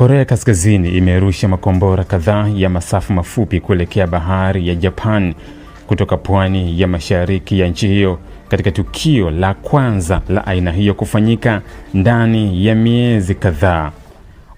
Korea Kaskazini imerusha makombora kadhaa ya masafa mafupi kuelekea bahari ya Japan kutoka pwani ya mashariki ya nchi hiyo katika tukio la kwanza la aina hiyo kufanyika ndani ya miezi kadhaa.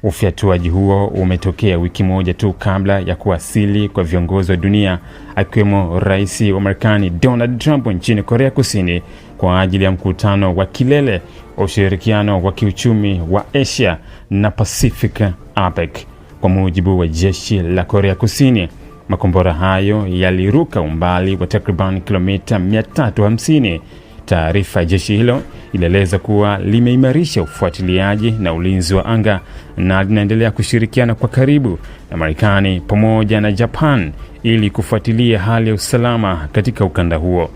Ufyatuaji huo umetokea wiki moja tu kabla ya kuwasili kwa viongozi wa dunia akiwemo rais wa Marekani Donald Trump nchini Korea Kusini kwa ajili ya mkutano wa kilele wa ushirikiano wa kiuchumi wa Asia na Pacific APEC. Kwa mujibu wa jeshi la Korea Kusini, makombora hayo yaliruka umbali wa takriban kilomita 350 Taarifa ya jeshi hilo ilieleza kuwa limeimarisha ufuatiliaji na ulinzi wa anga na linaendelea kushirikiana kwa karibu na Marekani pamoja na Japan ili kufuatilia hali ya usalama katika ukanda huo.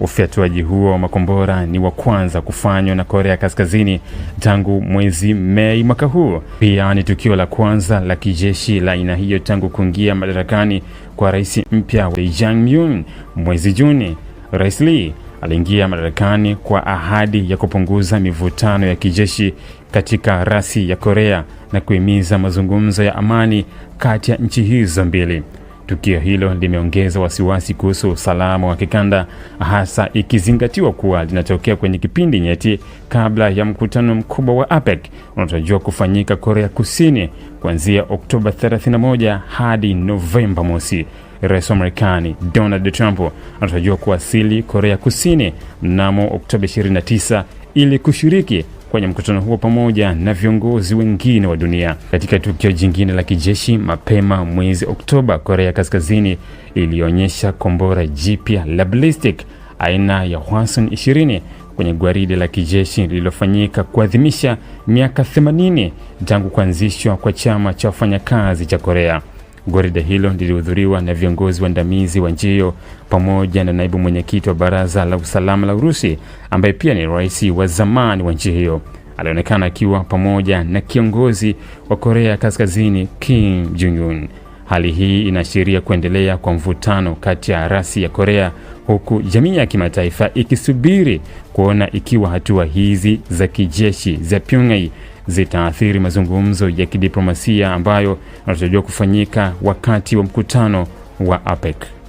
Ufyatuaji huo wa makombora ni wa kwanza kufanywa na Korea Kaskazini tangu mwezi Mei mwaka huu. Pia ni tukio la kwanza la kijeshi la aina hiyo tangu kuingia madarakani kwa rais mpya wa jang myung mwezi Juni. Rais Lee aliingia madarakani kwa ahadi ya kupunguza mivutano ya kijeshi katika rasi ya Korea na kuhimiza mazungumzo ya amani kati ya nchi hizo mbili. Tukio hilo limeongeza wasiwasi kuhusu usalama wa kikanda, hasa ikizingatiwa kuwa linatokea kwenye kipindi nyeti kabla ya mkutano mkubwa wa APEC unaotarajiwa kufanyika Korea Kusini kuanzia Oktoba 31 hadi Novemba mosi rais wa Marekani Donald Trump anatarajiwa kuwasili Korea Kusini mnamo Oktoba 29 ili kushiriki kwenye mkutano huo pamoja na viongozi wengine wa dunia. Katika tukio jingine la kijeshi, mapema mwezi Oktoba, Korea Kaskazini ilionyesha kombora jipya la blistic aina ya Hwason 20 kwenye gwaridi la kijeshi lililofanyika kuadhimisha miaka 80 tangu kuanzishwa kwa chama cha wafanyakazi cha Korea. Gwaride hilo lilihudhuriwa na viongozi waandamizi wa nchi hiyo pamoja na naibu mwenyekiti wa Baraza la Usalama la Urusi ambaye pia ni rais wa zamani wa nchi hiyo. Alionekana akiwa pamoja na kiongozi wa Korea Kaskazini Kim Jong Un. Hali hii inaashiria kuendelea kwa mvutano kati ya rasi ya Korea, huku jamii ya kimataifa ikisubiri kuona ikiwa hatua hizi za kijeshi za Pyongyang zitaathiri mazungumzo ya kidiplomasia ambayo yanatarajiwa kufanyika wakati wa mkutano wa APEC.